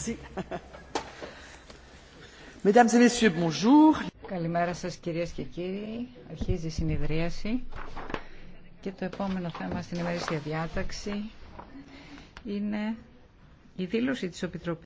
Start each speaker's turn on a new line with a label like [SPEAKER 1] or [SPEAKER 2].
[SPEAKER 1] Καλημέρα σας κυρίες και κύριοι. Αρχίζει η συνεδρίαση. Και το επόμενο θέμα στην ημερήσια διάταξη είναι η δήλωση της Επιτροπής.